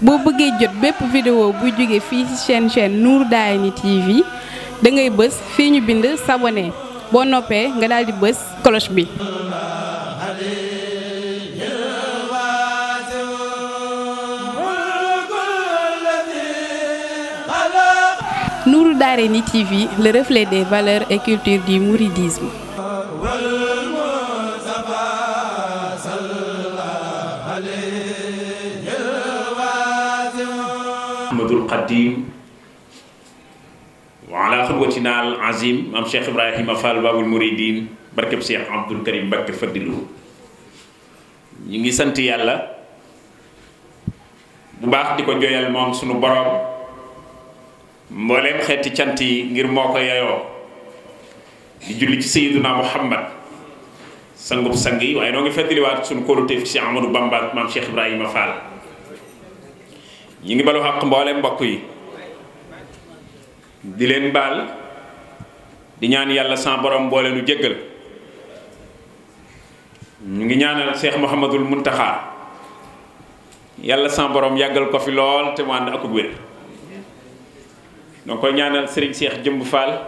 Si vous avez vu la vidéo, vous avez vu la chaîne Nourda et TV. Vous pouvez vu la vidéo, vous avez vu la Bonne vous avez vu la cloche. Nour NITIVI, le reflet des valeurs et cultures du mouridisme. الجود القديم وعلى خلوتنا العظيم مام شيخ إبراهيم فال باب المريدين بركب شيخ عبد الكريم بكر فدلو نيغي سانت يالا bu baax di ko joyal moom sunu boroom mbooleem xeeti cant yi ngir moo ko yeyoo di julli ci sayyiduna muhammad sangub sang yi waaye noo ngi feddliwaat sunu kóoluteef ci Amadou Bamba maam Cheikh Ibrahima Fall ñi ngi balu xaq mboole mbokk yi di len bal di ñaan yalla sa borom mbolé nu jéggal ñu ngi ñaanal cheikh mohammedul muntaha yalla sa borom yagal ko fi lol te mu ak akub wér donc koy ñaanal serigne cheikh jëmb fall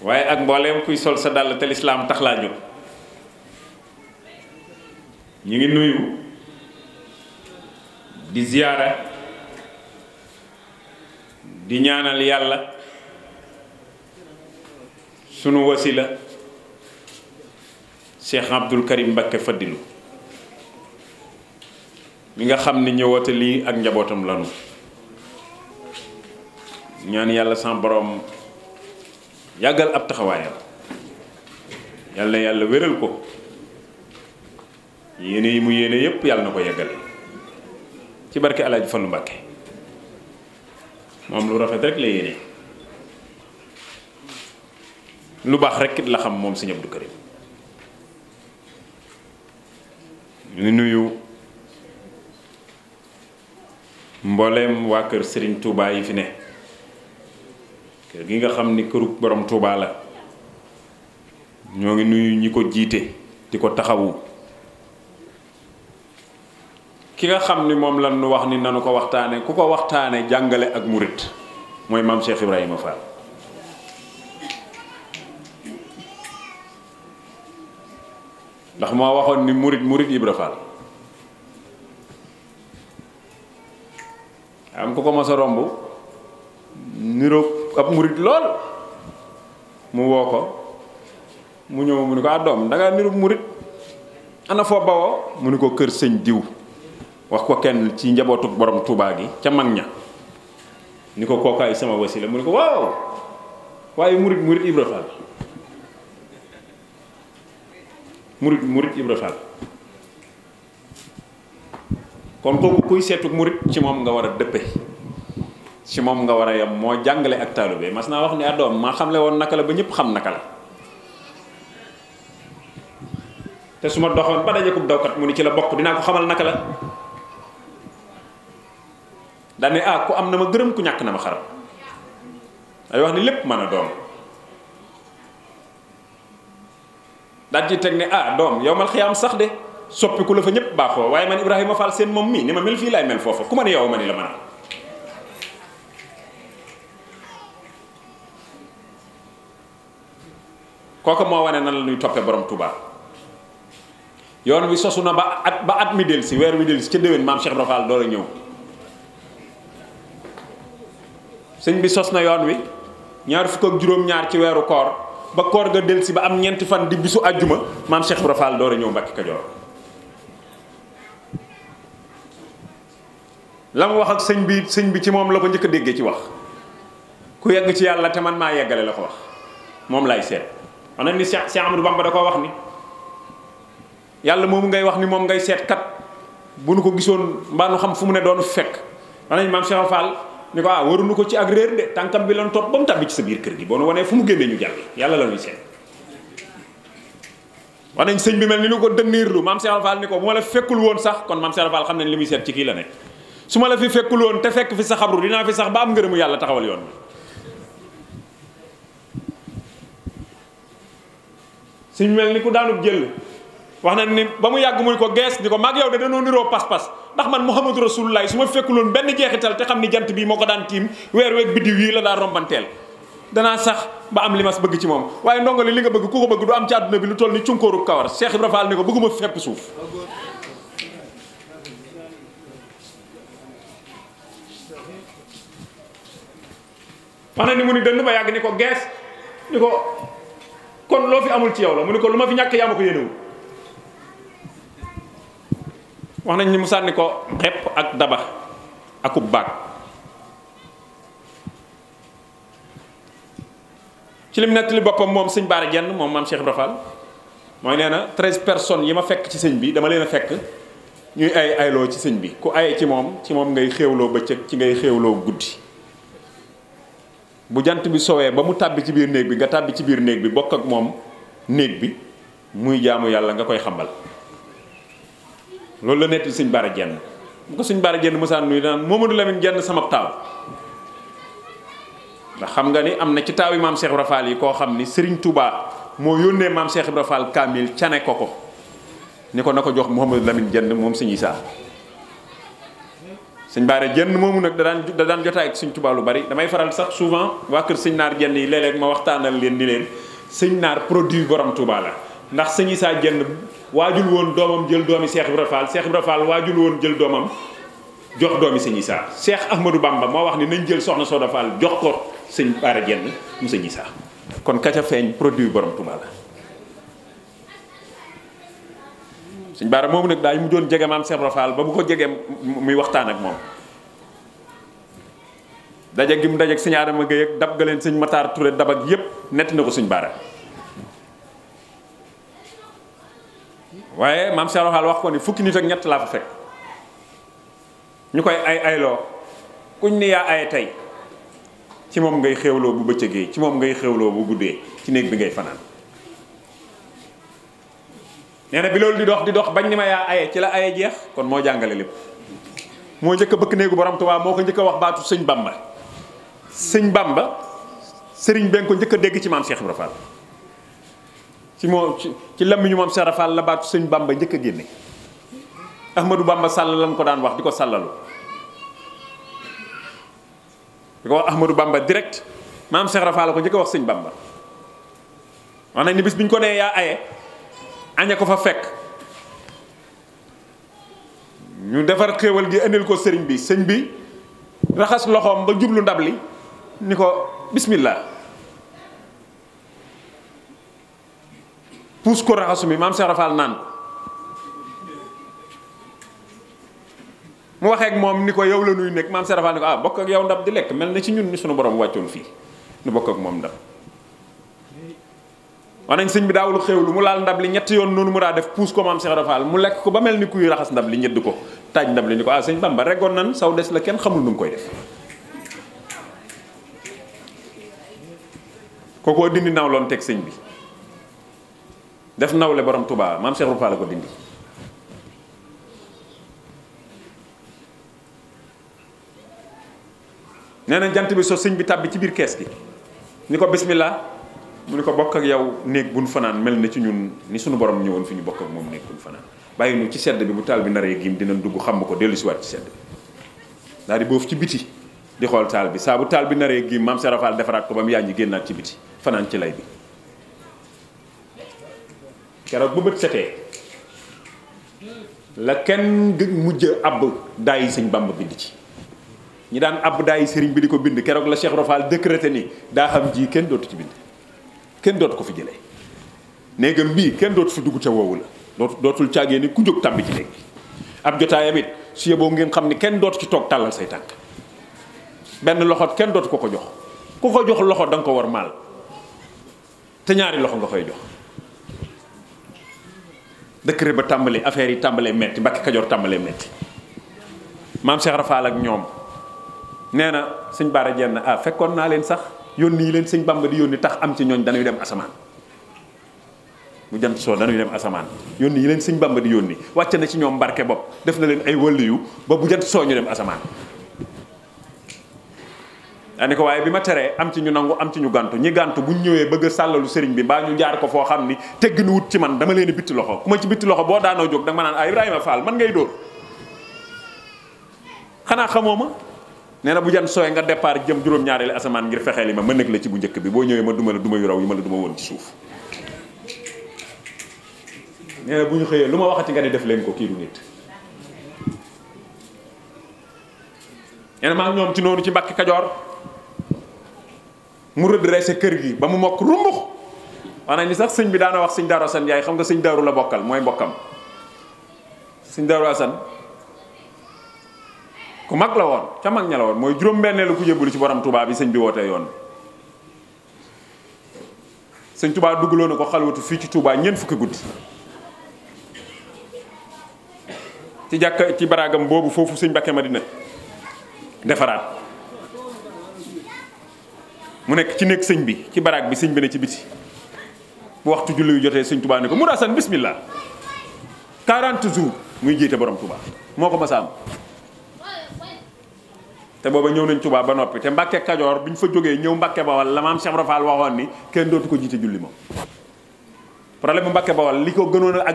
waye ak mbolé kuy sol sa dal te l'islam taxla ñu ñi ngi nuyu di ziyaara di ñaanal yàlla sunu wasila Cheikh Abdou Karim Mbacké Fadilou mi nga xam ni ñëwata lii ak njabootam lanu ñaan yàlla sama borom yàggal ab taxawaayam yàlla yàlla wéral ko yéene yi mu yéene yépp yàlla na ko yàggale ci barki El Hadj Fallou Mbacké moom lu rafet rek la yéene lu baax rek la xam moom Sëñ Abdou Karim ñu nuyu mbooleem waa kër sëriñ Touba yi fi ne kër gi nga xam ni këru borom Touba la ñoo ngi nuyu ñi ko jiite di ko taxawu. ki nga xamni ni lan nu wax ni nanu ko waxtane ku ko waxtane jangale ak murit moy mam Cheikh Ibrahima Fall ndax moo waxon ni murit murit Ibra Fall am ko ko ma sa rombu niro ab murit lol mu woo ko mu ñew mu ni ko adom da nga niro murit ana fo bawo mu ni ko keur señ diiw wax ko kenn ci njabootu borom Touba gi ca mag ña ni ko sama wasila mu niko ko waaw waaye Murid-murid Ibra Fall murid murid Ibra Fall kon kooku kuy seetu murid ci moom nga war a dëppe ci moom nga war a yam moo jàngale ak talibé mas wax ni addoom maa xamle woon naka la ba ñëpp xam naka la te su doxoon ba daje kub dawkat mu ni ci la bokk dinaa ko xamal naka daan ne ah ku am na ma gërëm ku ñàkk na ma xaram day wax ni lépp mën a doom daal ci teg ne ah doom yow mal xiyaam sax de soppi ku la fa ñëpp baaxoo waaye man Ibrahima Fall seen moom mi ni ma mel fii laay mel foofa ku ma ne yow ma ni la mën a kooka moo wane na la ñuy toppee boroom Touba yoon wi sosu na ba at ba at mi dellusi weer wi dellusi ca déwén maam Cheikh Ibra Fall door ñëw sëñ bi sos na yoon wi ñaar fukk ak juróom-ñaar ci weeru koor ba koor ga delsi ba am ñeenti fan di bisu àjjuma maam Cheikh Ibra Fall door a ñëw Mbàkke Kajoor la mu wax ak sëñ bi sëñ bi ci moom la ko njëkk a déggee ci wax ku yegg ci yàlla te man maa yeggale la ko wax moom laay seet wax na ni Cheikh Cheikh Amadou Bamba da koo wax ni yàlla moomu ngay wax ni moom ngay seet kat bu nu ko gisoon mbaa nu xam fu mu ne doon fekk wax nañ maam Cheikh Fall ni ko ah waruñu ko ci ak réer de tànkam bi lan topp ba mu tàbbi ci sa biir kër gi boo nu wanee fu mu génnee ñu jàll yàlla la ñuy seet wanañ sëñ bi mel ni lu ko dënniirlu maam Cheikh Fall ni ko bu ma la fekkul woon sax kon maam Cheikh Fall xam nañ li muy seet ci kii la ne su ma la fi fekkul woon te fekk fi sa xabru dinaa fi sax ba am ngërëmu yàlla taxawal yoon bi bi mel ni ku daanub jël wax na ni ba mu yàgg mu ni ko gees ni ko maag yow de danoo niroo pas-pas ndax man Muhammadu Rasulullah su ma fekkuloon benn jeexital te xam ni jant bii moo ko daan tiim weer weeg biddiw yii la daa rombanteel danaa sax ba am li mas bëgg ci moom waaye ndongo li li nga bëgg ku ko bëgg du am ci àdduna bi lu toll ni cunkóoru kawar Cheikh Ibra Fall ni ko bëgguma fepp suuf wax na ni mu ni dënn ba yàgg ni ko gees ni ko kon loo fi amul ci yow la mu ni ko lu ma fi ñàkk yaa ma ko yéenewul wax nañ ni mu sànni ko xepp ak daba akub baag ci lim nettali boppam moom sëñ Bara Diène moom maam Cheikh Ibra Fall mooy nee na treize personnes yi ma fekk ci sëñ bi dama leen a fekk ñuy ay ayloo ci sëñ bi ku ay ci moom ci moom ngay xéewloo bëccëg ci ngay xéewloo guddi bu jant bi soowee ba mu tàbbi ci biir néeg bi nga tàbbi ci biir néeg bi bokk ak moom néeg bi muy jaamu yàlla nga koy xambal loolu la netti suñ baara jenn bu ko suñ baara jenn mosaan nuyu daan Momadou Lamine jenn sama taaw ndax xam nga ni am na ci taaw yi maam Cheikh Ibra yi koo xam ni sëriñ Touba moo yónnee maam Cheikh Ibra kaamil Kamil cane ko ko ni ko na ko jox Mohamadou Lamine jenn moom suñu isaa sëñ baare jenn moomu nag da daan da daan jotaay ak sëñ Tuubaa lu bari damay faral sax souvent waa kër sëñ naar jenn yi léeg-léeg ma waxtaanal leen ni leen sëñ naar produit borom tubaa la ndax sëñ Issa Diène wajul won domam jël domi Cheikh ibrahim Fall Cheikh ibrahim Fall wajul won jël domam jox domi sëñ Issa Cheikh Ahmadou Bamba mo wax ni nañ jël soxna Soda Fall jox ko Bara mu kon kaca feñ produit borom tuma la sëñ Bara moomu nak daay mu doon jege mam Cheikh Ibra ba bu ko jegee muy waxtaan ak mom dajak gi mu dajeeg sëñ Adama ak dab galen Matar Touré dab ak yépp net na ko Bara waaye maam Cheikh Rafaal wax ko ni fukki nit ak ñett laa fa fekk ñu koy ay ayloo kuñ ni yaa ay tey ci moom ngay xéwloo bu bëccëgee ci moom ngay xewloo bu guddee ci néeg bi ngay fanaan nee na bi loolu di dox di dox bañ ni ma yaa aye ci la aye jeex kon moo jàngale lépp moo njëkk a bëkk néegu borom waa moo ko njëkk a wax baatu sëñ Bamba sëñ Bamba sëriñ ben ko njëkk dégg ci maam Cheikh Ibrahima Fall ci mo ci ñu mom Cheikh rafal la baatu sëñ Bamba njëkk gënne Ahmadou Bamba sall lañ ko daan wax diko sallalu diko Ahmadou Bamba direct mam Cheikh rafal ko njëkk wax sëñ Bamba wax nañ ni bis biñ ko né ya aye aña ko fa fekk ñu défar xéewal gi andil ko sëriñ bi sëñ bi raxas loxom ba jublu ndabli niko bismillah puus ko raxasu mi maam Cheikh Rafal naan ko mu waxee ak moom ni ko yow la nuy nekk maam Cheikh Rafal ni ko ah bokk ak yow ndab di lekk mel na ci ñun ni suñu boroom wàccoon fii nu bokk ak moom ndab wanañ sëñ bi daaw daawul lu mu laal ndab li ñetti yoon noonu mu daa def puus ko maam Cheikh Rafal mu lekk ko ba mel ni kuy raxas ndab li ñëdd ko taaj ndab li ni ko ah sëñ Bamba reggoon nan saw des la kenn xamul nu mu koy def kooku dindi nawloon teg sëñ bi def nawle borom Touba maam Cheikh Rufaala ko dindi nee jant bi so sëñ bi tàbbi ci biir kees gi ni ko bismillah mu ni ko bokk ak yow néeg bu buñ fanaan mel na ci ñun ni suñu borom ñëwoon fi ñu bokk ak moom néeg buñ fanaan bàyyi nu ci sedd bi bu taal bi naree giim dinañ dugg xam ko dellu si waat ci sedd bi daal di boofu ci biti di xool taal bi saa bu taal bi naree giim maam Serafal defaraat ko yaa ñi yaañ génnaat ci biti fanaan ci lay bi keroog bu bët sété la kenn gëj mujjë abbu daay sëñ bamba bind ci ñi daan abbu daay sëriñ bi diko bind kérok la Cheikh Rofal décrété ni da xam ji kenn dootu ci bind kenn dootu ko fi né néegam bii kenn dootu fi dugg ci wowu la dootul ciagé ni ku jog tàmbi ci légui ab jotaayam it su yebo ngeen xam ni kenn dootu ci tok talal say tank benn loxot kenn dootu ko ko jox ku ko jox loxo dang ko war mal té ñaari loxo nga fay jox décret ba tàmbali affaire yi tàmbalee metti Mbàkke Kajoor tàmbalee metti maam Cheikh Rafaal ak ñoom nee na sëñ Baara Jenn ah fekkoon naa leen sax yónni yi leen suñ Bamba di yónni tax am ci ñooñ dañuy dem asamaan mu jant soo dañuy dem asamaan yónni yi leen suñ Bamba di yónni wàcc na ci ñoom barke bopp def na leen ay wëllu yu ba bu jant soo ñu dem asamaan daane ko waaye bi ma teree am ci ñu nangu am ci ñu gàntu ñi gàntu buñ ñëwee bëgg sàllalu sëriñ bi baa ñu jaar ko foo xam ni tegg nu wut ci man dama leen bitti loxo ku ma ci bitti loxo boo daanoo jóg danga ma naan ah Ibrahima Fall man xamoo ma nee bu jan sooy nga départ jëm juróom-ñaareelu ngir fexee li ma ma nekk la ci bu njëkk bi boo ñëwee ma duma la duma yu raw yi ma la duma woon suuf nee bu ñu xëyee lu ma waxati nga ne def leen ko kii du nit nee maa ñoom ci noonu ci Mbàkke Kajoor mu redressé kër gi ba mu mokk rumbux maanaam ni sax sëñ bi daana wax sëñ Daaru Asan yaay xam nga sëñ Daaru la bokkal mooy mbokkam sëñ Daaru Asan ku mag la woon ca mag ña la woon mooy juróom-benneelu ku jébbalu ci borom tubaab bi sëñ bi wootee yoon sëñ Tuubaa duggaloo na ko xalwatu fii ci Tuubaa ñeent fukki guddi ci jàkk ci baraagam boobu foofu sëñ Bakke Madina defaraat mu nekk ci nekk sëñ bi ci baraag bi sëñ bi na ci biti bu waxtu julli jotee sëñ Touba ne ko mu rasan bismillah 40 jours muy jiite borom Touba moo ko mas a te booba ñëw nañ Touba ba noppi te Mbàkke Kajoor bi ñu fa jógee ñëw Mbàkke Bawal la maam Cheikh Rafal waxoon ni kenn dootu ko jiite julli moom problème bu Mbàkke Bawal li ko gënoon a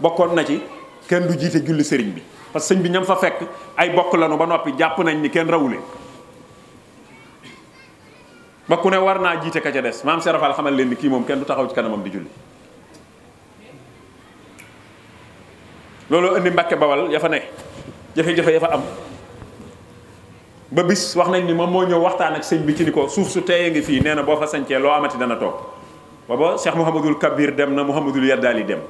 bokkoon na ci kenn du jiite julli sëriñ bi parce que sëñ bi ñam fa fekk ay bokk lanu ba noppi jàpp nañ ni kenn rawule ba ku ne war naa jiite ka ca des maam serafal xamal leen ni kii moom kenn du taxaw ci kanamam di julli looloo indi mbàkke bawal ya fa ne jafe-jafe ya fa am ba bis wax nañ ni moom moo ñëw waxtaan ak sëñ bi ci ni ko suuf su teeye ngi fii nee na boo fa sañcee loo amati dana toog ba Cheikh Mouhamadul Kabir dem na Mouhamadul Yaddaali dem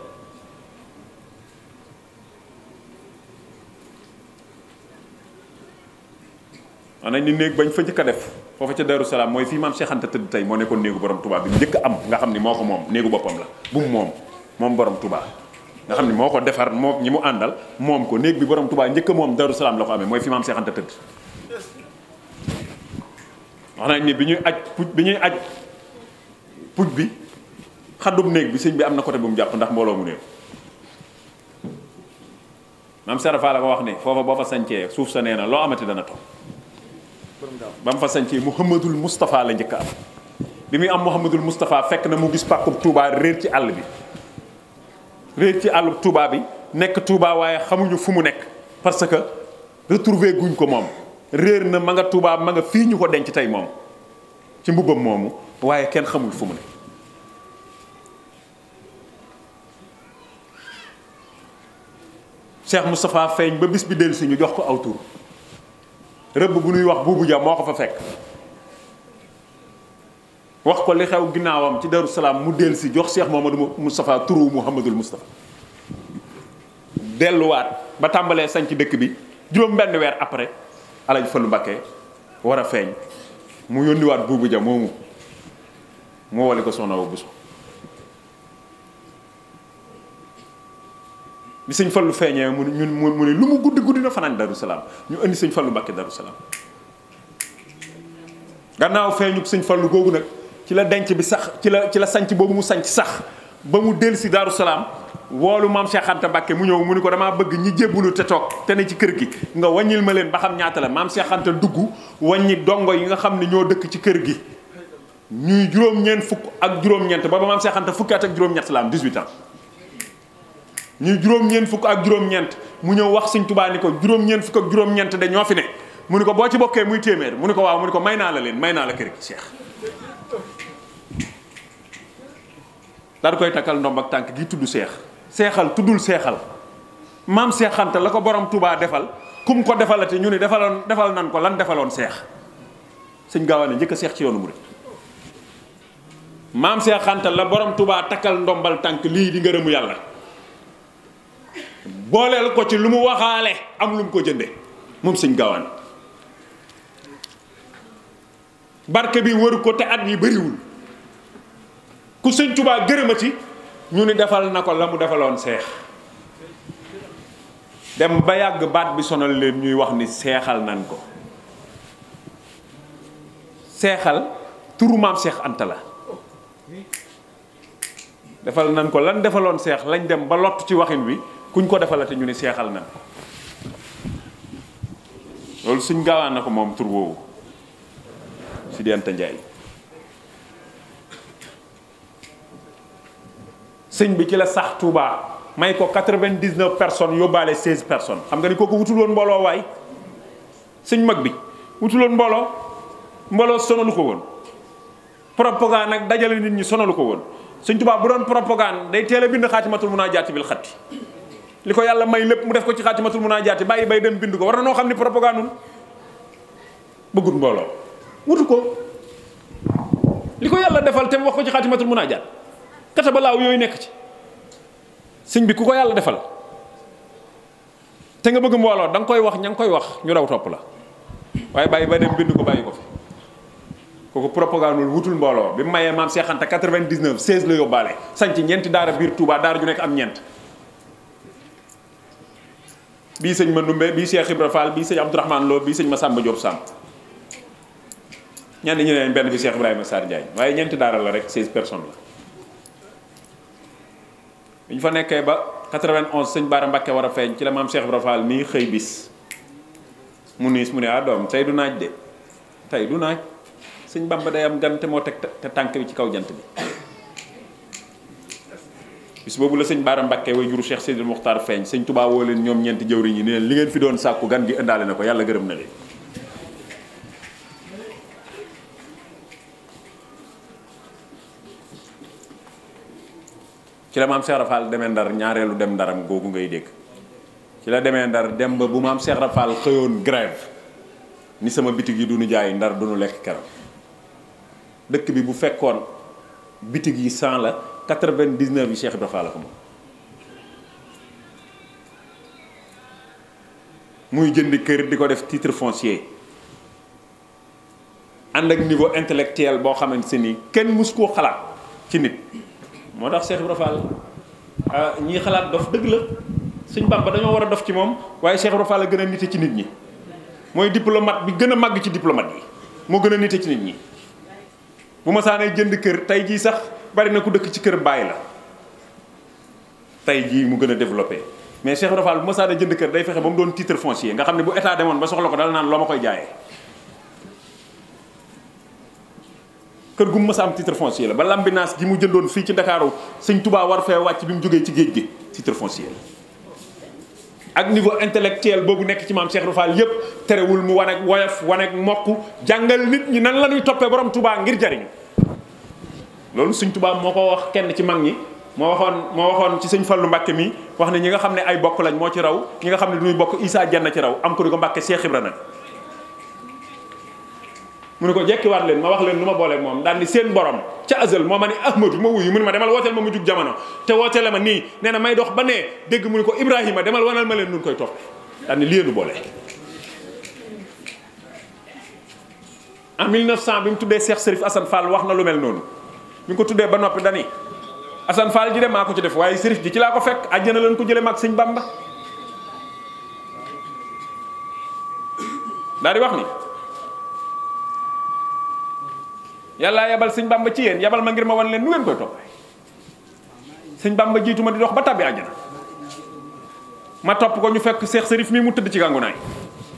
maanaam ni néeg bañ fa njëkk def foofa ca Darou Salaam mooy fii maam Cheikh Anta tëdd tey moo nekkoon néegu borom Touba bi njëkk am nga xam ni moo ko moom néegu boppam la moom borom Touba nga xam ni moo ko defar moo ñi mu àndal moom ko néeg bi borom Touba njëkk a moom Darou Salaam la ko amee mooy fi maam Cheikh tëdd wax nañ ni bi ñuy aj bi ñuy aj puj bi xaddub néeg bi sëñ bi am na côté bu mu jàpp ndax mbooloo mu néew maam Serapha la ko wax ni foofu boo fa sancee suuf sa nee na loo amati dana toog ba mu fa sañcee Mouhamadul Moustapha la njëkk am bi muy am Mouhamadul mustafaa fekk na mu gis pàkkub Touba réer ci àll bi réer ci àllub Touba bi nekk tuubaa waaye xamuñu fu mu nekk parce que retrouvé guñ ko moom réer na ma nga Touba ma nga fii ñu ko denc tey moom ci mbubbam moomu waaye kenn xamul fu mu ne Cheikh Moustapha feeñ ba bis bi dellusi ñu jox ko aw tur rëbb bu nuy wax buubu ja moo ko fa fekk wax ko li xew ginnaawam ci Darou Salaam mu del si jox seex Cheikh Mouhamadou mustafaa turu Mouhamadul Moustapha delluwaat ba tàmbalee sañ ci dëkk bi juróom benn weer après alaaj Fallu Mbakke war a feeñ mu yónniwaat buubu ja moomu mu woli ko soxna wa bi sëñ fallu feeñee mu ñun mu ni lu mu guddi guddi na fanaan daru ñu indi sëñ fallu mbàkke daru salaam gannaaw feeñu sëñ fallu googu nag ci la denc bi sax ci la ci la sanc boobu mu sanc sax ba mu del si daru salaam woolu maam Cheikh Anta mu ñëw mu ni ko damaa bëgg ñi jébbalu te toog te ne ci kër gi nga wàññil ma leen ba xam ñaata la maam Cheikh Anta dugg wàññi dongo yi nga xam ne ñoo dëkk ci kër gi ñuy juróom-ñeent fukk ak juróom-ñeent ba ba maam Cheikh Anta fukki at ak juróom-ñett ñu juróom-ñeent fukk ak juróom-ñeent mu ñëw wax suñ tubaa ni ko juróom-ñeent fukk ak juróom-ñeent de ñoo fi ne mu ni ko boo ci bokkee muy téeméer mu ni ko waaw mu ni ko may naa la leen may naa la kër gi Cheikh daal koy takkal ndomb ak tànk gi tudd seex seexal tuddul seexal maam seexante la ko borom tubaa defal kum ko defalate ñu ni defaloon defal nan ko lan defaloon seex sëñ Gawane njëkk seex ci yoonu murit maam seexante la borom tubaa takkal ndombal tànk lii di ngërëmu yàlla bolel ko ci lumu waxale am lum ko jende mom seigne gawan barke bi waru ko te at yi wul ku seigne touba geureuma ci ñu ni defal nako lamu defalon cheikh dem ba yag baat bi sonal leen ñuy wax ni cheikhal nan ko cheikhal turu mam cheikh antala defal nan ko lan defalon cheikh lañ dem ba lott ci waxin bi kuñ ko defalati ñu ni seexal na loolu suñ gawan nako mom tur woowu ci diante ndjay señ bi ci la sax touba may ko 99 personnes yobale 16 personnes xam nga ni koku wutul won mbolo way señ mag bi wutul won mbolo mbolo sonal ko won propagande nak dajal nit ñi sonal ko won señ touba bu doon propagande day télé bind khatimatul munajat bil khatti li ko yàlla may lépp mu def ko ci xaatimatul munaajaati bàyyi bay dem bind ko war na noo xam ni propagandul bëggul mbooloo wutu ko li ko yàlla defal te wax ko ci xaatimatul munaajaat kataba laaw yooyu nekk ci sëñ bi ku ko yàlla defal te nga bëgg mbooloo danga koy wax ña nga koy wax ñu daw topp la waaye bàyyi bay dem bind ko bàyyi ko fi kooku propagandul wutul mbooloo bi mu mayee maam Seex Anta 99 16 la yóbbaale sanc ñeenti daara biir Touba daara ju nekk am ñeent bii sëñ Mandoumbe bi Cheikh ibrahim Fall bi sëñ abdourahman Lo bii sëñ Massamba Diop sam ñan ñu leen benn bi Cheikh ibrahim sar ndjay waye ñent daara la rek 16 personnes la ñu fa nekké ba 91 sëñ Baara Mbacke wara feñ ci la mam Cheikh ibrahim Fall mi xey bis mu niis mu ne ah doom tey du naaj de tay du naaj sëñ Bamba day am gante mo tek teg te bi ci kaw jant bi bis boobu la sëñ Baara Mbacke way juru Cheikh Seydil Mokhtar feeñ sëñ Touba leen ñoom ñeenti jëwriñ yi ne leen li ngeen fi doon sàkku gan gi ëndaale na ko yàlla gërëm na leen. ci la demee ndar ñaareelu dem ndaram googu ngay dégg ci la demee ndar dem ba bu maam Cheikh Rafal xëyoon grève ni sama bitig yi du ñu jaay ndar du ñu lekk keroog dëkk bi bu fekkoon bitig yi 100 la. 99 yi Cheikh Ibra Fall la ko moom muy jënd kër di ko def titre foncier ànd ak niveau intellectuel boo xamante se ni kenn mus koo xalaat ci nit moo tax Cheikh Ibra Fall ah, ñiy xalaat dof dëgg la suñ Bamba dañoo war a dof ci moom waaye Cheikh Ibra Fall la gën a nite ci nit ñi mooy diplomate bi gën a màgg ci diplomate yi moo gën a nite ci nit ñi bu ma saanee jënd kër tey jii sax bari na ku dëkk ci kër bàyyi la tey jii mu gën a développé mais Cheikh Ibra Fall bu masaana jënd kër day fexe ba mu doon titre foncier nga xam ne bu état demoon ba soxla ko dala naan loo ma koy jaayee kër gu mu mës a am titre foncier la ba lambinaas gi mu jëndoon fii ci ndakaaru sëñ tubaa war fee wàcc bi mu jógee ci géej gi titre foncier la ak niveau intellectuel boobu nekk ci maam Cheikh Ibra Fall yépp terewul mu wan ak woyof wan ak mokk jàngal nit ñi nan la ñuy toppee borom Touba ngir jariñ loolu suñ tubaab moo ko wax kenn ci mag ñi moo waxoon moo waxoon ci sëñ Fallu Mbàkke mi wax ne ñi nga xam ne ay bokk lañ moo ci raw ñi nga xam ne duñuy bokk Isaa jenn ci raw am ko ni ko Mbàkke Seex Ibra nag mu ne ko jekkiwaat leen ma wax leen lu ma booleeg moom daal ni seen borom ca azal moo ma ne ahmadu ma wuyu mu ne ma demal wooteel ma mu jug jamono te wooteel ma nii nee na may dox ba ne dégg mu ne ko ibrahima demal wanal ma leen nun koy topp daal ni lienu boole en 1900 bi mu tuddee Seex Sërif Asan Fall wax na lu mel noonu ñu ko tuddé ba nopi dani Assane Fall ji de mako ci def waye serif ji ci la ko fekk aljana lañ ko jëlé mak Bamba Dari wax ni yalla yabal sëñ Bamba ci yeen yabal ma ngir ma won leen nu ngeen koy top sëñ Bamba jiitu ma di dox ba tabbi aljana ma top ko ñu fekk cheikh serif mi mu tudd ci nay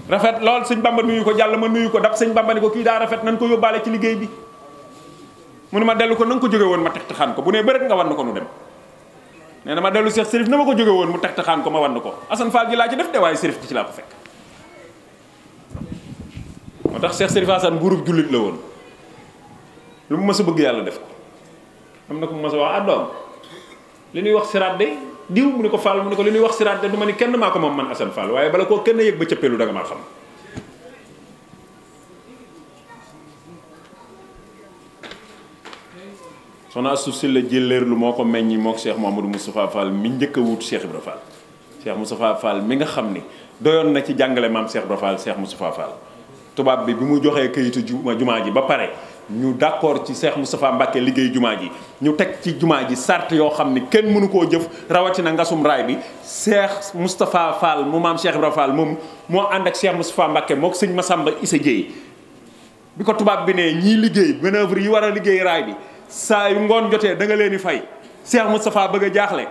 rafet lol sëñ Bamba nuyu ko jall ma nuyu ko dab sëñ Bamba ni ko ki da rafet nan ko yobale ci bi mu ne ma delu ko nang ko joge won ma xan ko bu ne bëreet nga wan ko nu dem nee na ma delu Cheikh Serif nama ko joge won mu xan ko ma wan ko asan Fall gi la ci def de way Serif ci la ko fek motax Cheikh Serif asan julit la won lu ma sa bëgg def ko amna ko ma sa wax adom ah, li ni wax sirat de diw mu ne ko Fall mu ne ko li ni wax sirat de duma ni kenn mako mom man asan Fall waye bala kenn ba pelu da nga ma xam suuf si la Sylla lu moo ko meññi mook moo Cheikh Mouhamadou Moustapha Fall mu njëkk a wut Cheikh Ibra Fall Cheikh mi nga xam ni doyoon na ci jàngale maam Cheikh Ibra Fall Cheikh Moustapha tubaab bi bi mu joxee kayitu juma jumaa ji ba pare ñu d'accord ci Cheikh Moustapha Mbacké liggéey jumaa ji ñu teg ci jumaa ji sart yoo xam ni kenn mënu koo jëf rawatina ngasum raay bi Cheikh Moustapha Fall mu maam Cheikh moom moo ànd ak Cheikh Moustapha Mbacké mook sëñ ma Massamba Issa Dieye bi ko tubaab bi ne ñii liggéey manœuvre yi war a liggéey raay bi saa yu ngoon jotee da nga leen di fay Cheikh Moustapha bëgg a jaaxle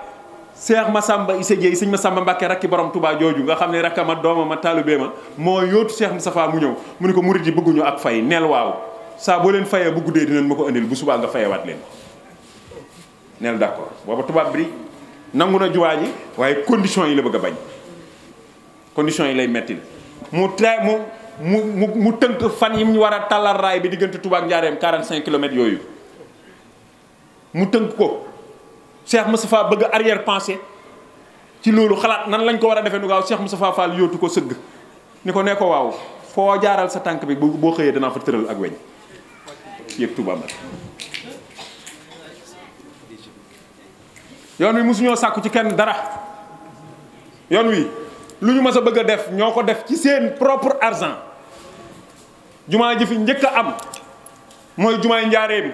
Cheikh Massamba Issa Dieye ma Massamba Mbacke rakki borom tubaab jooju nga xam ne rakka ma dooma ma taalubee ma moo yóotu Cheikh Moustapha mu ñëw mu ni ko murit yi bëgguñu ak fay neel waaw saa boo leen fayee bu guddee dinañ ma ko indil bu subaa nga fayewaat leen neel d'accord booba tubaab bi nangu na juwaa ji waaye condition yi la bëgg a bañ condition yi lay metti mu tra mu mu mu tënk fan yi mu war a tàllal raay bi diggante Touba ak Njaareem 45 kilomètres yooyu mu teunk ko Cheikh Moustapha bëgg arrière pensée ci lolu xalat nan lañ ko wara defé nu gaaw Cheikh Moustapha Fall yotu ko seug niko neko nee ko waaw foo jaaral sa tank bi bo xeye dana fa teural ak weñ yek tuba ma yoon wi mosuñoo sakku ci kenn dara yoon wi luñu mësa bëgg def ñoko def ci seen propre argent juma ji fi ñëk am mooy jumaay njaareem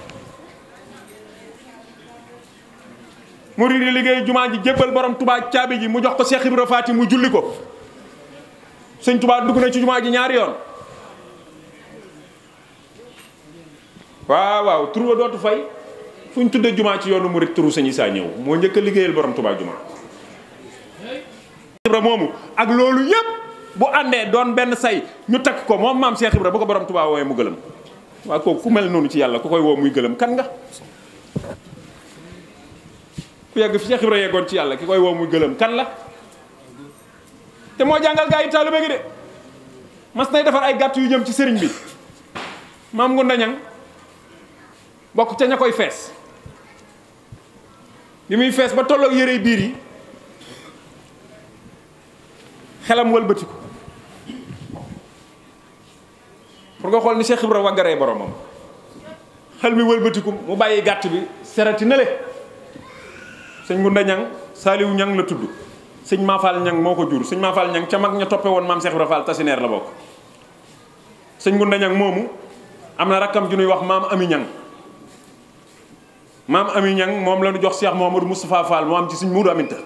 murid yi liggéey jumaa ji jébbal borom tubaa caabi ji mu jox ko Cheikh Ibra yi mu julli ko sëñ tubaa dugg na ci jumaa ji ñaari yoon waaw waaw tur wa dootu fay fu ñu tuddee jumaa ci yoonu murid turu sëñ Isaa ñëw moo njëkk a liggéeyal borom tubaa jumaa Ibra moomu ak loolu yépp bu àndee doon benn say ñu takk ko moom maam see Ibra bu ko borom tubaa woowee mu gëlëm waa kooku ku mel noonu ci yàlla ku koy woo muy gëlëm kan nga ku yegg fi Cheikh Ibra yeggoon ci yàlla ki koy woo muy gëlëm kan la te moo jàngal gaa yi taalibe gi de mas nay defar ay gàtt yu jëm ci sëriñ bi maam ngu ndañang bokk ca ña koy fees li muy fees ba tolloog yére biir yi xelam wëlbatiku pour nga xool ni Cheikh Ibra waggaree boromam xel mi wëlbatiku mu bàyyi gàtt bi serati na le sëñ Ngunda Ñang Saaliwu Ñang la tudd sëñ Mafal Ñang moo ko jur suñ Mafal Ñang ca mag ña toppe woon maam Cheikh Ibra Fall tasineer la bokk sëñ Ngunda Ñang moomu am na rakkam ju ñuy wax maam Ami Ñang maam Ami Ñang moom la jox Cheikh Mouhamadou Moustapha Fall moo am ci sëñ Muudu Aminta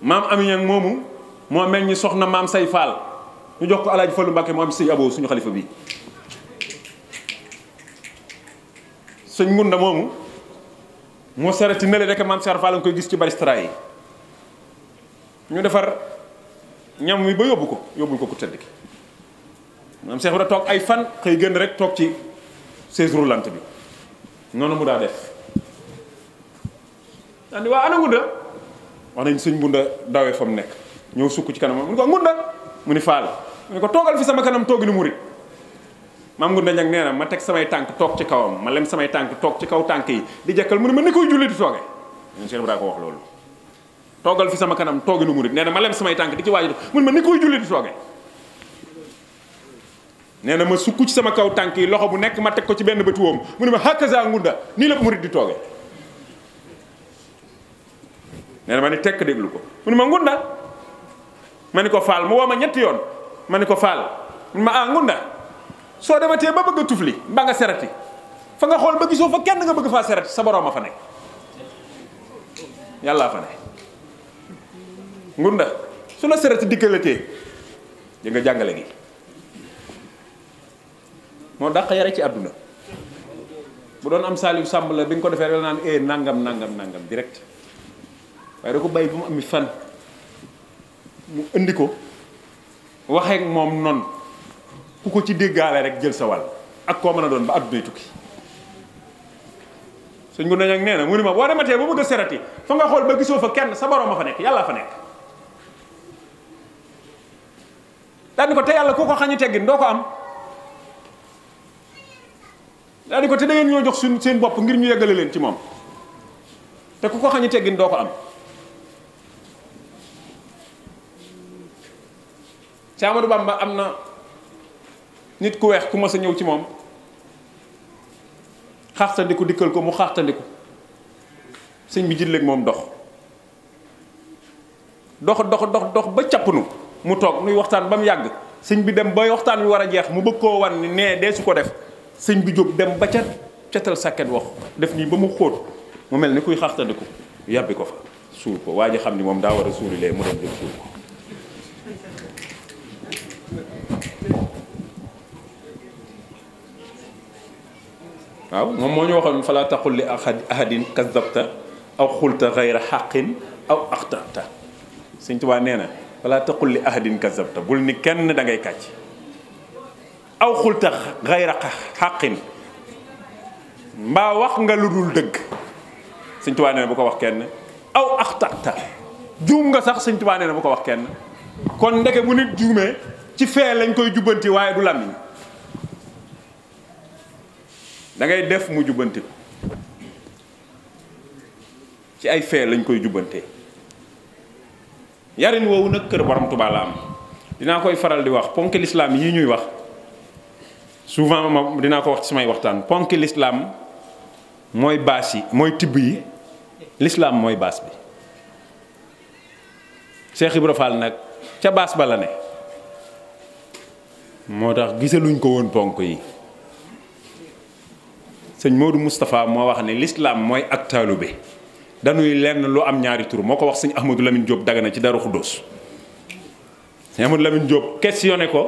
maam Ami Ñang moomu moo mel ñi soxna maam Say Fall ñu jox ko alaaj Fallu Mbàkke moo am ci sëñ suñu xalifa bii sëñ ngunda moomu moo sareti nele rek maam Cheikh Fall nga koy gis ci baristra ñu defar ñam wi ba yóbbu ko yóbbul ko ku tedd ki maam Cheikh Ibra toog ay fan xëy gën rek toog ci chaise roulante bi noonu mu daa def andi waa ana ngunda wax nañ sëñ ngunda dawee fa mu nekk ñëw sukk ci kanam mu ni ko ngunda mu ni faal mu ni ko toogal fi sama kanam toogi ni murit maam Ngounda Ndiaye nee na ma teg samay tànk toog ci kawam ma lem samay tànk toog ci kaw tànk yi di jekkal mu ne ma ni koy julli di tooge ñun Cheikh Ibrahima sama kanam toogi nu murit nee ma lem samay tànk ci waaju mu ne ma ni koy julli di tooge na ma sukk ci sama kaw tànk yi loxo bu nekk ma teg ko ci benn bët woom mu ne ma hakaza Ngounda nii la murit di tooge nee na ma ni tekk déglu ko mu ne ma Ngounda ma ni ko faal mu woo ma ñetti yoon ma ni ko faal mu ne ma ah Ngounda soo dematee ba bëgg a tufli ba nga serati fa nga xool ba gisoo fa kenn nga bëgg faa serati sa borom a fa nekk yàllaa fa ne ngunda su la serati dikkalatee di nga jàngale gi moo dàq yare ci àdduna bu doon am saaliw sàmb la bi nga ko defee rek naan eh, nangam nangam nangam direct waaye da ko bàyyi bu mu ami fan mu indi ko waxee moom noonu ku ko ci déggaale rek jël sa ak koo mën a doon ba addunay tukki suñ gu nañag nee na mu ni ma boo dematee ba bëgg a serati fa nga xool ba gisoo fa kenn sa borom a fa nekk yàlla fa nekk daal di ko te yàlla ku ko xañu teggin doo ko am daal di ko te da ngeen ñoo jox suñ seen bopp ngir ñu yeggale leen ci moom te ku ko xañu teggin doo ko am Sëñ Amadou Bamba am na nit ku weex ku ma sa ñëw ci moom xaxtandiku dikkal ko mu xaxtandiku sëñ bi jilleeg moom dox dox dox dox dox ba cappnu mu toog nuy waxtaan ba mu yàgg sëñ bi dem ba waxtaan wi war a jeex mu bëgg koo wan ni nee dee su ko def sëñ bi jóg dem ba ca catal sàkket wax def nii ba mu xóot mu mel ni kuy xaxtandiku yàbbi ko fa suul ko waa ji xam ni moom daa war a suuli lee mu dem jël suul waaw moom moo ñu waxoon falaa taqul li ahadin kazabta aw xulta gayra xaqin aw axtata Sëñ tubaa nee na falaa taqul li ahadin kazabta bul ni kenn da ngay kàcc aw xulta gayra xaqin mbaa wax nga lu dul dëgg Sëñ tubaa nee na bu ko wax kenn aw axtata juum nga sax Sëñ tubaa nee na bu ko wax kenn kon ndeke mu nit juumee ci fee lañ koy jubbanti waaye du làmmiñ da ngay def mu jubante ci ay fe lañ koy jubante yarin woowu nak keur borom tuba la am dinaa koy faral di wax ponk l'islam yi ñuy wax souvent ma dina ko wax ci may waxtan ponk l'islam moy basi moy tibbi l'islam moy bas bi Cheikh Fall ca bas ba la ne motax gisaluñ ko won ponk yi sëñ Modou Moustapha moo wax ne lislaam mooy ak taalube dañuy lenn lu am ñaari tur moo ko wax sëñ Ahmadou Lamine Diop Dagana ci dara Darou Khoudoss sëñ Ahmadou jóob kes yone ko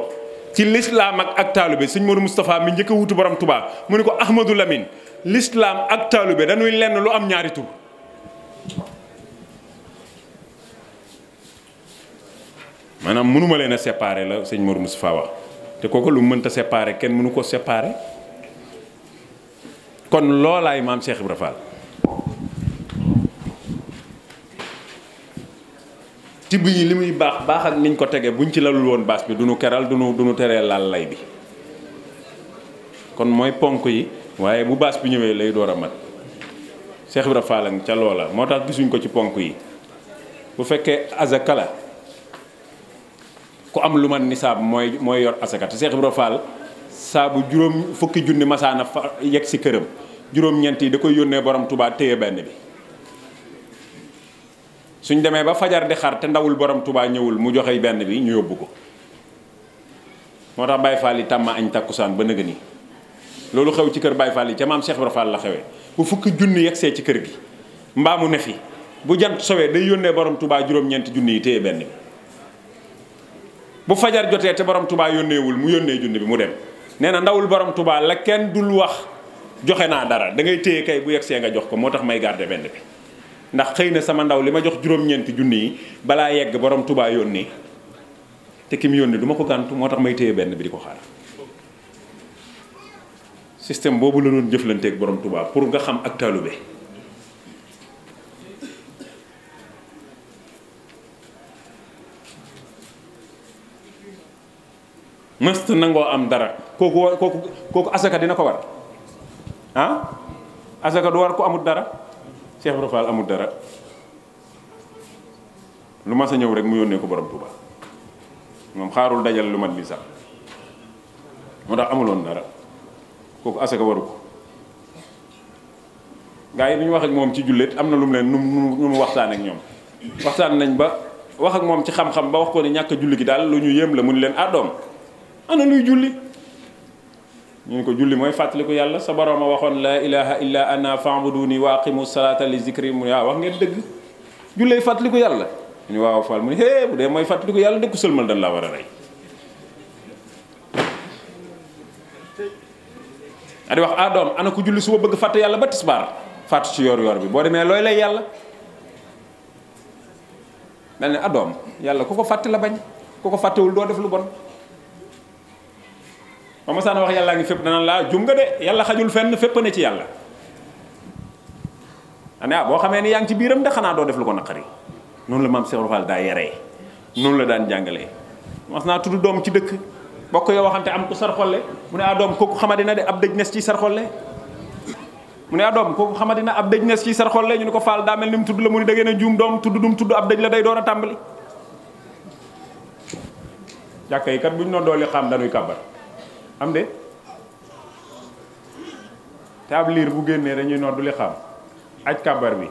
ci l'islam ak ak taalube sëñ Modou mustafaa mi njëkk a wutu borom Touba mu ni ko Ahmadou Lamine lislaam ak taalube dañuy lenn lu am ñaari tur maanaam mënuma leen a la sëñ Modou Moustapha wax te kooku lu mu mënta séparer kenn mënu koo séparer kon loolaay maam Cheikh Ibra Fall tibb yi li muy baax baax niñ ko tege buñ ci lalul woon baas bi du nu keral du nu du nu teree laal lay bi kon mooy ponk yi waaye bu baas bi ñëwee lay door a mat Cheikh Ibra Fall ca loola moo tax gisuñ ko ci ponk yi bu fekkee azaka la ku am lu ma nisaab mooy mooy yor asaka te Cheikh Ibra saa bu juróom fukki junni masaana fa yegg si këram juróom-ñeent da koy yónnee borom tubaa téye benn bi suñ demee ba fajar di xar te ndawul borom tubaa ñëwul mu joxe benn bi ñu yóbbu ko moo tax Baye Fall yi tàmm añ takkusaan ba nëgë nii loolu xew ci kër Baye Fall yi ca maam Cheikh Ibra Fall la xewee bu fukki junni yegsee ci kër gi mbaa mu ne fi bu jant sowee day yónnee borom tubaa juróom-ñeenti junni yi téye benn bi bu fajar jotee te borom tubaa yónneewul mu yónnee junni bi mu dem nee na ndawul borom tubaa la kenn dul wax joxe naa dara da ngay téye kay bu yegg see nga jox ko moo tax may garder benn bi ndax xëy na sama ndaw li ma jox juróom-ñeenti junni yi balaa yegg borom tubaa yónni te ki mu yónni du ko gàntu moo tax may téye benn bi di ko xaar système boobu la doon jëflanteeg borom Touba pour nga xam ak taalube mëst nangoo am dara koku koku koku asaka dina ko war ah asaka du war ko amut dara Cheikh Ibra Fall amul dara lu ma sa ñew rek mu yónnee ko borom Tuuba mom xaarul dajal lu mat li sax mo tax amulon dara koku asaka waru ko gaay yi ñu wax ak mom ci jullit amna lu mu leen nu waxtaan ak ñom waxtaan nañ ba wax ak mom ci xam-xam ba wax ko ni ñaka julli gi dal lu ñu yem la mu leen adom ah, ana luy julli ñu ko julli fatali ko yalla sa borom a la ilaha illa ana fa'buduni wa aqimus salata li zikri mu ya wax ngeen julle fatali ko yalla ñu waaw fal mu he bu de moy fatali ko yalla dañ la wara ray adi wax Adam, ah, ana ko julli suba bëgg fàtte yalla ba tisbar fatu ci yor yor bi bo demé loy lay yalla dal ne adam ah, doom ku ko la bañ ku ko fàttewul do def lu bon ba ma wax yàllaa ngi fépp danaan laa jum nga de yàlla xajul fenn fépp ne ci yàlla ane ah boo xamee ni yaa ngi ci biiram de xanaa doo def lu ko naqari noonu la maam Cheikh Fall daa yaree noonu la daan jàngalee mas naa tudd doom ci dëkk bokk yoo waxante am ku sarxolle mu ne a ah, doom kooku xamadina de ab dëj nes ci sarxolle mu ne ah doom kooku xamadina ab dëj nes ci sarxolle ñu ne ko faal daa mel ni mu tudd la mu ne da ngeen a juum doom tudd dum tudd ab la day door a tàmbali jàkka yi kat bu ñu doon am de liir bu génnee dañuy noddu li xam aj kàbbar bi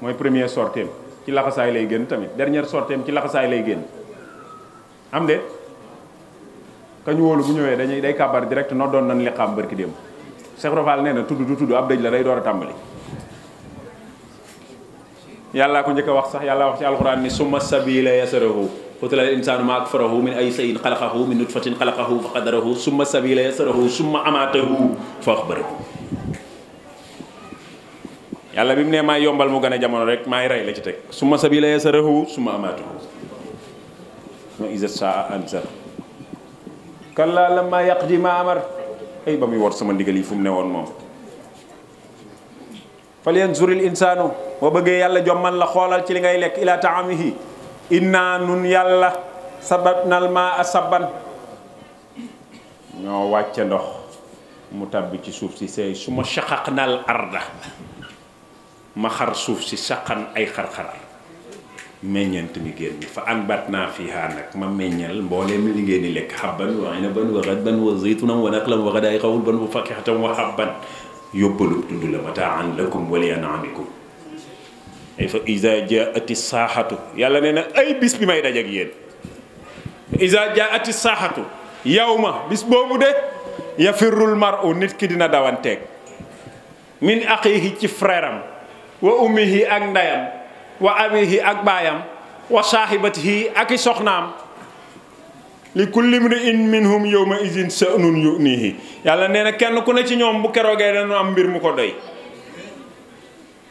mooy premier sorteem ci laxasaay lay génn tamit dernière sorteem ci laxasaay lay génn am de kañ wóolu bu ñëwee dañuy day kàbbar direct noddoon nañ li xam barki démb Cheikh Rofal nee na tudd du tudd ab dëj la day door a tàmbali yàllaa ko njëkk a wax sax yàllaa wax ci alxuraan ni suma sabila yasarahu قتل الانسان ما اكفره من اي شيء خلقه من نطفه خلقه فقدره ثم سبيل يسره ثم اماته فاخبره يالا بيم ما يومبال مو غنا جامونو ريك ماي راي لا سي تك ثم سبيل يسره ثم اماته ما اذا ساء انزل كلا لما يقضي ما امر اي بامي وور سما ديغالي فوم نيوون موم فلينظر الانسان وبغي يالا جومال لا خولال سي لي غاي ليك الى طعامه inna nun yàlla sabatnal ma asaban ñoo wacce ndox mu tabbi ci suuf ci sey suma ma arda ma xar suuf ci saqan ay xar-xar meññent mi génn fa anbat naa fiha nak ma meññal mbooleem li ngeen di lek habban wa ban wa ghadban wa zaytunan wa naqlan wa ghadai qawl ban wa fakhatan wa habban yóbbalu tudd mataan lakum wa li ay fa yàlla nee na ay bis bi may dajak yéen isa jaati saaxatu yow ma bis boobu de yafirul mar'u nit ki dina dawanteeg min axiihi ci frère am wa ummihi ak ndeyam wa abihi ak baayam wa saahibatihi ak i soxnaam li kulli mri'in minhum yawma idin sa'nun yunihi yàlla nee na kenn ku ne ci ñoom bu keroogee dañu am mbir mu ko dey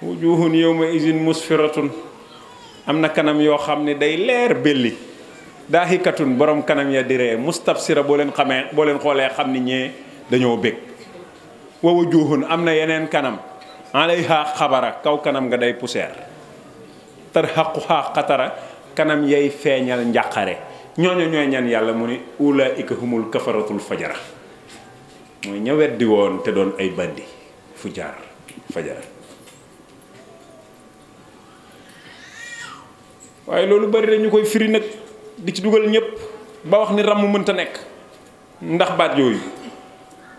wujuhun yawma izin musfiratun amna kanam yo xamne dai day leer belli dahikatun borom kanam ya dire. ree mustabsira boo leen xamee boo leen xoolee xam ni ñee wa wujuhun amna yenen kanam alayha khabara kaw kanam ga day pousser tarhaquha qatara kanam yey feñal njaqare ñoño ñoy ñan yalla muni ula ulaika kafaratul fajara moy ña di won te don ay bandi fu jaar fajara waye loolu bari la ñukoy nyep firi nak di ci duggal ñëpp ba wax ni mën ta nek ndax baat yoy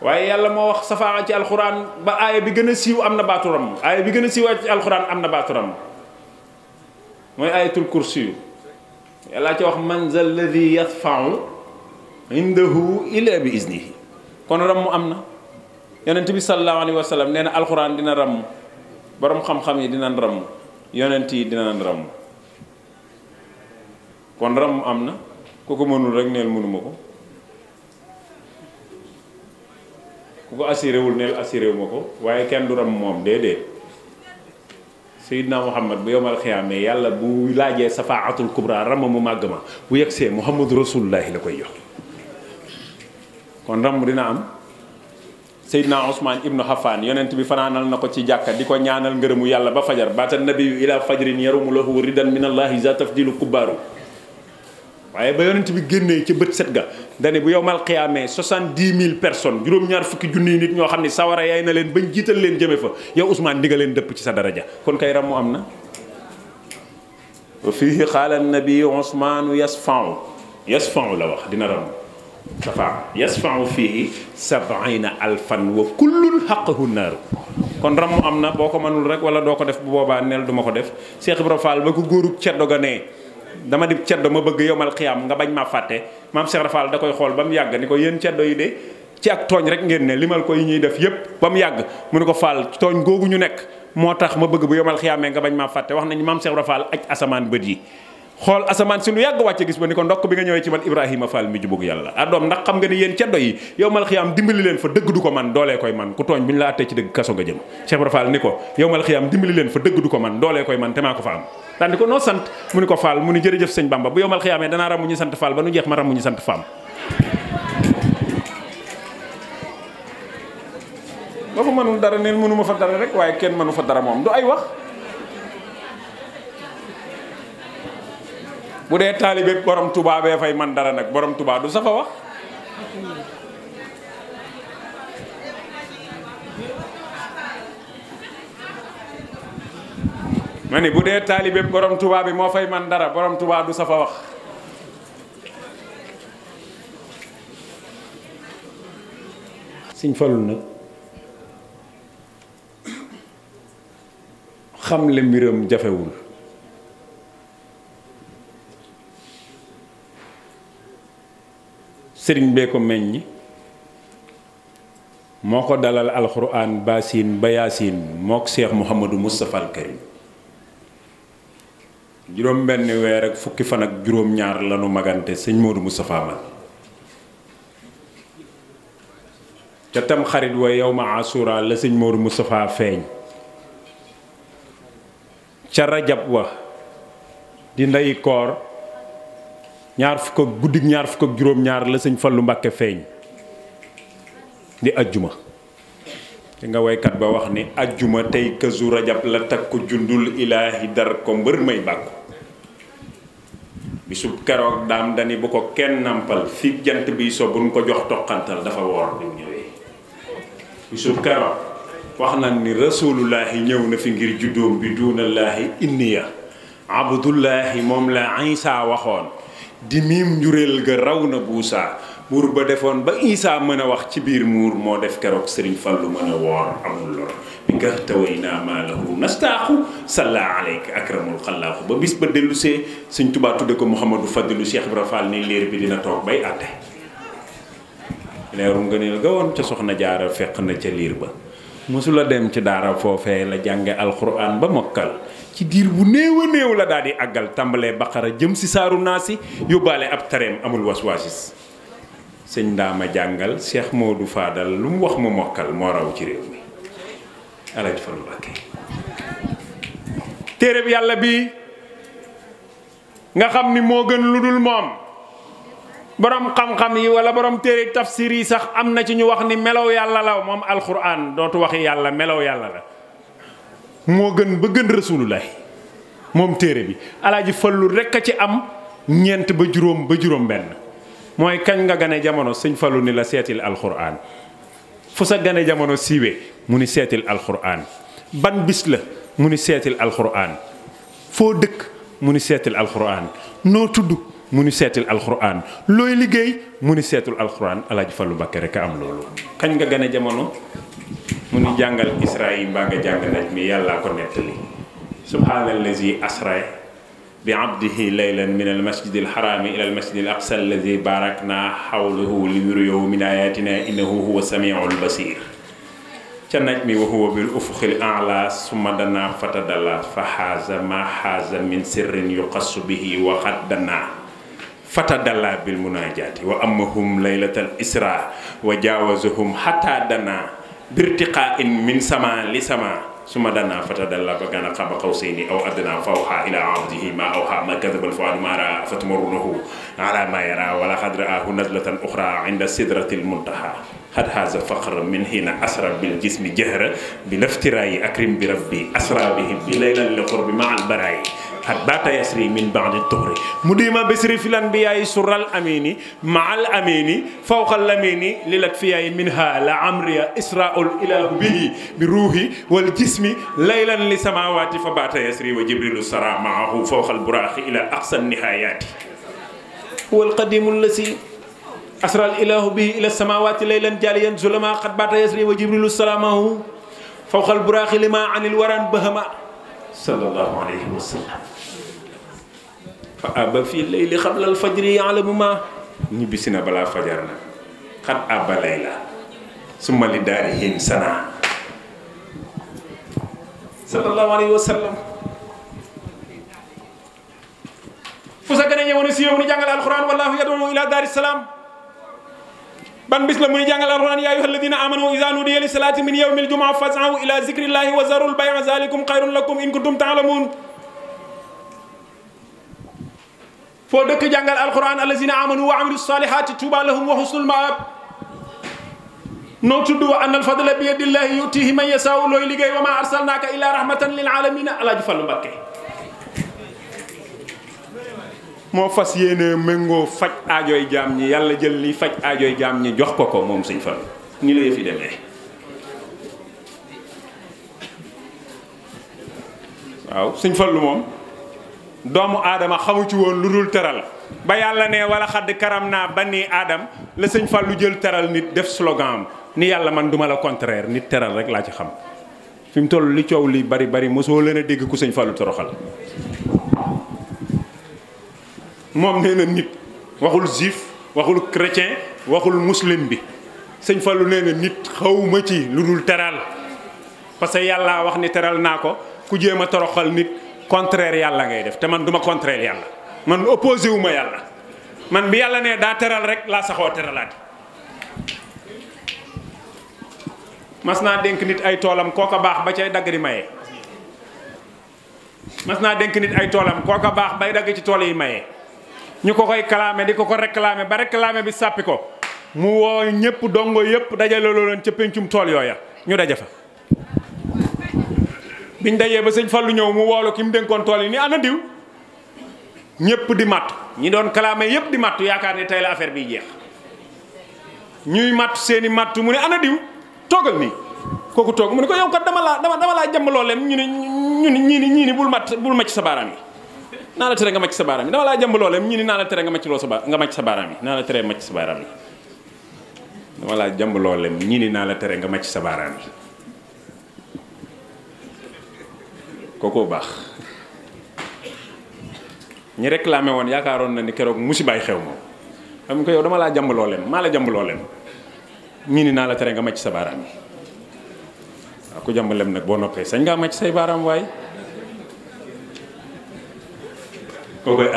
waye yalla mo wax safaa ci alquran ba aya bi gëna a siiw baatu ram aya bi gëna a ci alquran amna? baatu ram moy ayatul kursi yalla ci wax man zal ladhi yadfau indahu ila bi iznihi kon ramu amna na bi sallallahu alaihi wasallam neena alquran dina ram borom xam-xam yi dina ram kon ramm am na ku ko mënul rek neel mënuma ko ku ko assuré wul neel assuré wu ko waaye kenn du ram moom déedéet Seydina Muhammad bu yowmal xiyaamee yàlla bu laajee safaatul kubra ram mu màgg ma bu yegsee Muhammadu Rasulullahi la koy jox kon mu dina am naa Ousmane ibnu Xafaan yonent bi fanaanal na ko ci jàkka di ko ñaanal ngërëmu yàlla ba fajar baata nabiyu ila fajrin yarumu lahu ridan min allahi za tafdilu kubbaaru waaye ba yonent bi génnee ci bët set ga dane bu yow mal xiyaamee soixante-dix mille personnes juróom-ñaar fukki junniy nit ñoo xam ne sawara yaay na leen bañ jiital leen jëme fa yow Ousmane di nga leen dëpp ci sa daraja kon kay ramu am na wa fii xaala nabi Ousmane yasfa'u la wax dina ramu safa yasfa'u fii sab'ina alfan wa kullun haqqahu naaru kon ramu am na boo ko mënul rek wala doo ko def bu boobaa neel du ma ko def Cheikh Ibra Fall ba ku góorug ceddo ga ne dama di ceddo ma bëgg yowmal xiyaam nga bañ maa fàtte maam Cheikh Rafal da koy xool ba mu yàgg ni ko yéen ceddo yi de ci ak tooñ rek ngeen ne limal ko yi ñuy def yépp ba mu yàgg mu ne ko faal tooñ googu ñu nekk moo tax ma bëgg bu yomal xiyaamee nga bañ ma fàtte wax nañu maam Cheikh Rafal aj asamaan bët yi xool asamaan si lu yàgg wàcce gis ba ni ko ndokk bi nga ñëwee ci man Ibrahima Fall mi jubug yàlla adoom ah, ndax xam nga ni yéen ceddo yi yow mal xiyaam dimbali leen fa dëgg du ko man doolee koy man ku tooñ bu ñu la attee ci ko yow mal xiyaam leen fa dëgg ko man doolee koy man te maa ko fa am daan noo sant mu ni ko Fall mu ni jërëjëf sëñ Bamba bu yow mal xiyaamee danaa ramu sant Fall ba nu jeex ma ramu ñu sant Faam ba fa mënul dara neen mënuma fa dara rek waaye kenn mënu fa dara moom du ay wax bu dee taalibe borom Touba bee fay man dara nag borom Touba du safa wax ma ni bu dee taalibe borom Touba bi moo fay man dara borom Touba du safa wax Sëñ Fallu nag xam le mbiram jafewul sëriñ bee ko meññ moo ko dalal alxuraan baasin bayaasin mook seex muhammadu mustafa al karim juróom benn weer ak fukki fan ak juróom ñaar lanu magante sëñ moodu mustafa man ca tamxarit xarit wa yawma asura la sëñ moodu mustafa feeñ ca rajab wa di ndey koor ñaar fuk ak guddik ñaar fuk ak juroom ñaar la sëñ Fallu mbacke feñ di aljuma te nga kat ba wax ni tay ke zu rajab la takku jundul ilahi dar ko mbeur may bàkku bisub ak dam dani bu ko ken nampal fi jant bi so buñ ko jox tokantal dafa woor bi ñëwee bisub wax nan ni rasulullahi ñew na fi ngir juddoom bi dunallahi inniya abdullahi mom la Isa di miim njuréel ga raw na buusaa buur ba defoon ba isaa mën a wax ci biir muur moo def keroog sëriñ fallu mën a woor amul lor bi nga taway naa maa nastaaxu salla alayka akramul xallaaxu ba bis ba dellusee sëñ Tuubaa tudde ko Mouhamadou Fadilu Cheikh Ibra Fall ni léer bi dina toog bay àtte leeru ngëneel ga woon ca soxna jaara fekk na ca liir ba mësula dem ci daara foofe la jànge alxuraan ba mokkal ci diir bu néew néew la daal di àggal tàmbalee baqara jëm si saaru naasi yóbbaale ab tareem amul waswaasis sëñ ndaama jàngal Cheikh du Fadal lu mu wax mu mokkal moo raw ci réew mi alaaj fa lu bakke téereb yàlla bi nga xam ni moo gën lu dul moom boroom xam-xam yi wala boroom téere tafsir yi sax am na ci ñu wax ni melow yàlla la moom alxuraan dootu waxi yàlla melaw yàlla la moo gën ba gën rasulullah moom téere bi alaaji fallu rekk a ci am ñeent ba juróom ba juróom benn mooy kañ nga gane jamono sëñ falu ni la seetil alxuraan fu sa gane jamono siiwee mu ni seetil alxuraan ban bis la mu ni seetil alxuraan foo dëkk mu ni seetil alxuraan noo tudd muni setul alquran loy liggey muni setul alquran seetul Fallu Mbàkke rek am loolu kagn nga gën jamono muni jàngal israil ba nga jàng nañ mi yalla ko netti subhanallazi asra bi abdihi laylan min almasjid alxaraami ila almasjid alaqsa allazi barakna xawlahu li yuriyahu min ayatina innahu huwa samiu albasir ca naj mi wa huwa bil ufuqil a'la summa danaa fatadalla fa xaaza ma xaaza min sirrin yuqassu bihi wa xaddana فتدلى بالمناجاة وأمهم ليلة الإسراء وجاوزهم حتى دنا بارتقاء من سماء لسماء ثم دنا فتدلى بغانا قاب قوسين أو أدنى فوحى إلى عبده ما أوحى ما كذب الفؤاد ما رأى على ما يرى ولقد رآه نزلة أخرى عند سدرة المنتهى هاد هذا فخر من هنا أسرى بالجسم جهرة بالافتراء أكرم بربي أسرى به بليلا لقرب مع البراي هاد باتا يسري من بعد الظهر مديما بسري في الانبياء سر الأميني مع الأميني فوق للك للاتفياء منها لعمري اسراء الاله به بروحي والجسم ليلا لسماوات فبات يسري وجبريل سرى معه فوق البراخ الى اقصى النهايات والقديم الذي asral ilahu bihi ila samawati laylan jaliyan zulama xat baata yasri wa jibrilu salaamahu fawqal buraaxi lima anil waran bahama sallallahu alayhi wa sallam fa abba fii layli xabla alfajri yaalamu ma ñibbisi na balaa fajar na xat abba layla summa li daarihim sana sallallahu alayhi wa sallam fu sa gën a ñëwoon si yow ni jàngale alquran wallahu yadoo ila daari salaam بان بسلا موني جانغال القران يا ايها الذين امنوا اذا نودي للصلاه من يوم الجمعه فاسعوا الى ذكر الله وذروا البيع ذلكم خير لكم ان كنتم تعلمون فو دك جانغال القران الذين امنوا وعملوا الصالحات توبى لهم وحسن المآب نو تدو ان الفضل بيد الله يؤتيه من يشاء لوي ليغي وما ارسلناك الا رحمه للعالمين الله جفل مبكي moo fas yéene méngoo faj aajooy jaam ñi yàlla jël li faj aajooy jaam ñi jox ko ko moom sëñ Fallu ni la fi demee waaw sëñ Fallu moom doomu aadama xamu ci woon lu dul teral ba yàlla ne wala xadd karam naa ba nii aadam la sëñ lu jël teral nit def slogan ni yàlla man duma la contraire nit teral rek laa ci xam fi mu toll li coow li bari bari mosoo leen a dégg ku sëñ Fallu toroxal moom nee nit waxul juif waxul chrétien waxul muslim bi sëñ Fallou nee na nit xawma ci lu dul teral parce que yàlla wax ni teral naa ko ku jéem a toroxal nit contraire yàlla ngay def te man duma contraire yàlla man opposé wu ma yàlla man bi yàlla nee daa teral rek laa saxoo teralaat mas naa denk nit ay toolam kooka baax ba cay dagg di maye mas naa denk nit ay toolam kooka baax bay dagg ci tool yi mayee ñu ko koy clamé di ko ko réclamé ba réclamé bi sàppi ko mu wo ñepp dongo yépp dajale loo leen ca pencum tool yooya ñu daje fa biñ dajé ba señ Fallu ñew mu wolo kim ni ana diw ñepp di mat. ñi don clamé yépp di mat. yaakaar ni tay la affaire bi jeex ñuy mat seeni mat mu ne ana diw togal ni koku tok mu ne ko yow kat dama la dama dama la jëm leen ñu ne ñu ne ni ñi ni bul mat bul sa naa la tere nga macc sa baaraam yi dama laa jàmb loolee tere nga macc loo sa ba nga macc sa baaraam yi naa la tere macc sa baaraam tere nga macc sa baaraam yi baax ñi réclamé woon yaakaaroon na ni keroog musibaay xew moom xam ko yow dama laa jàmb looleem maa la jàmb looleem ñii ni naa la tere nga macc sa baaraam yi waaw ku jàmb lem nag boo noppee sañ ngaa macc say baaraam waaye kookoy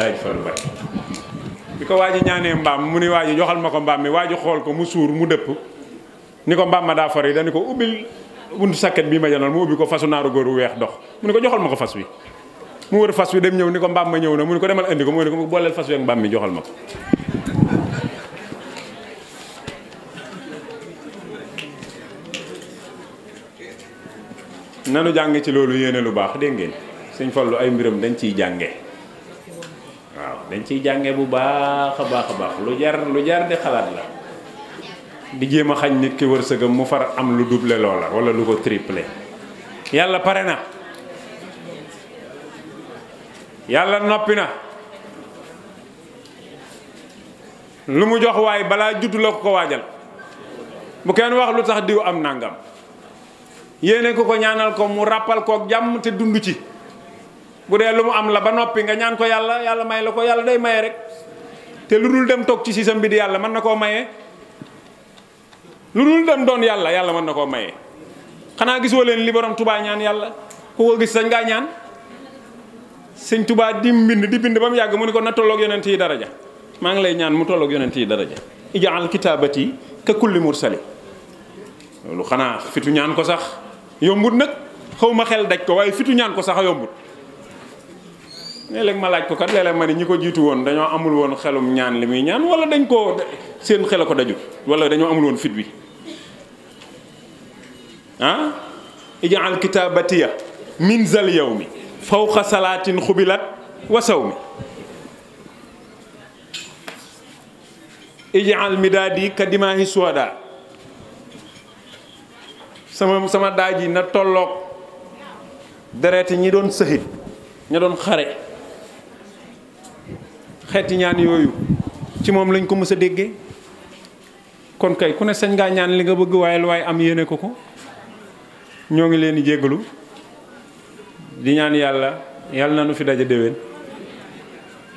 ko waa ji ñaanee mbaam mu ni waa ji joxal ma ko mbaam mi waa ji xool ko mu suur mu dëpp ni ko mbaam ma daa far yi ko ubbil buntu sakket bii ma mu ubbi ko fasu naaru góor wu weex dox mu ni ko joxal ma ko fas wi mu wër fas wi dem ñëw ni ko mbaam ma ñëw na mu ni ko demal indi ko mu ni ko booleel fas wi mbaam mi joxal ma ko nanu jàng ci loolu yéene lu baax dégg ngeen sëñ Fallu ay mbiram dañ ciy jànge dañ ciy jànge bu baax a baax a baax lu jar lu jar di xalaat la di jéem a xañ nit ki wërsëgam mu far am lu double loola wala lu ko triple yàlla pare na yàlla noppi na lu mu jox waay balaa juddu la ko ko waajal bu kenn wax lu tax diw am nangam yéene ko ko ñaanal ko mu ràppal kook jàmm te dund ci bu lu mu am la ba nopi nga ñaan ko yalla yalla may la ko yalla day may rek te lu dul dem tok ci sisam bi di yalla man nako maye lu dul dem doon yalla yalla man nako koo xana gis wo len li borom tuba ñaan yalla ko ko gis sañ nga ñaan señ tuba di mbind di bind bam yag mu ni ko na tolloog yonenti yi daraja ma ngi lay ñaan mu tolloog yonenti daraja ij'al kitabati ka kulli mursali lu xana fitu ñaan ko sax yombut nak xawma xel daj ko waaye fitu ñaan ko sax yombut léeg-léeg ma laaj ko kat léeg ma ne ñi ko jiitu woon dañoo amul woon xelum ñaan li muy ñaan wala dañ koo seen xel a ko dajul wala dañoo amul woon fit bi ah ijaal kitabatiya min zal yow mi fawqa salaatin xubilat wasaw mi ijaal midaadi kadimaahi suwada sama sama daaj yi na tolloog yi ñi doon sëxit ña doon xare xeeti ñaan yooyu ci moom lañ ko mës a déggee kon kay ku ne sañ ngaa ñaan li nga bëgg waaye lu waaye am yéene ko ko ñoo ngi leen di jéggalu di ñaan yàlla yàlla na nu fi daja déwén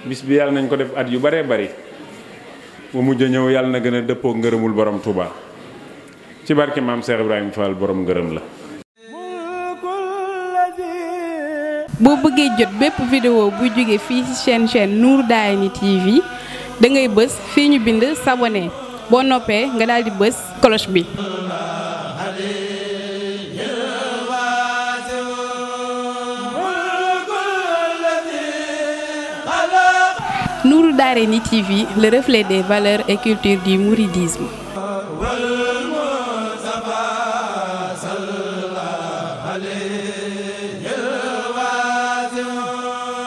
bis bi yàlla nañ ko def at yu baree bari bu mujj ñëw yàlla na gën a dëppoo ngërëmul borom Touba ci barke maam Cheikh Ibrahima Fall borom ngërëm la boo bëggee jot bépp vidéo bu jóge fii ci chaîne chaîne Nour Darayni TV da ngay fii ñu bind s'abonner boo noppee nga daal di bës cloche bi. Nour Darayni TV le reflet des valeurs et culture di mouridisme.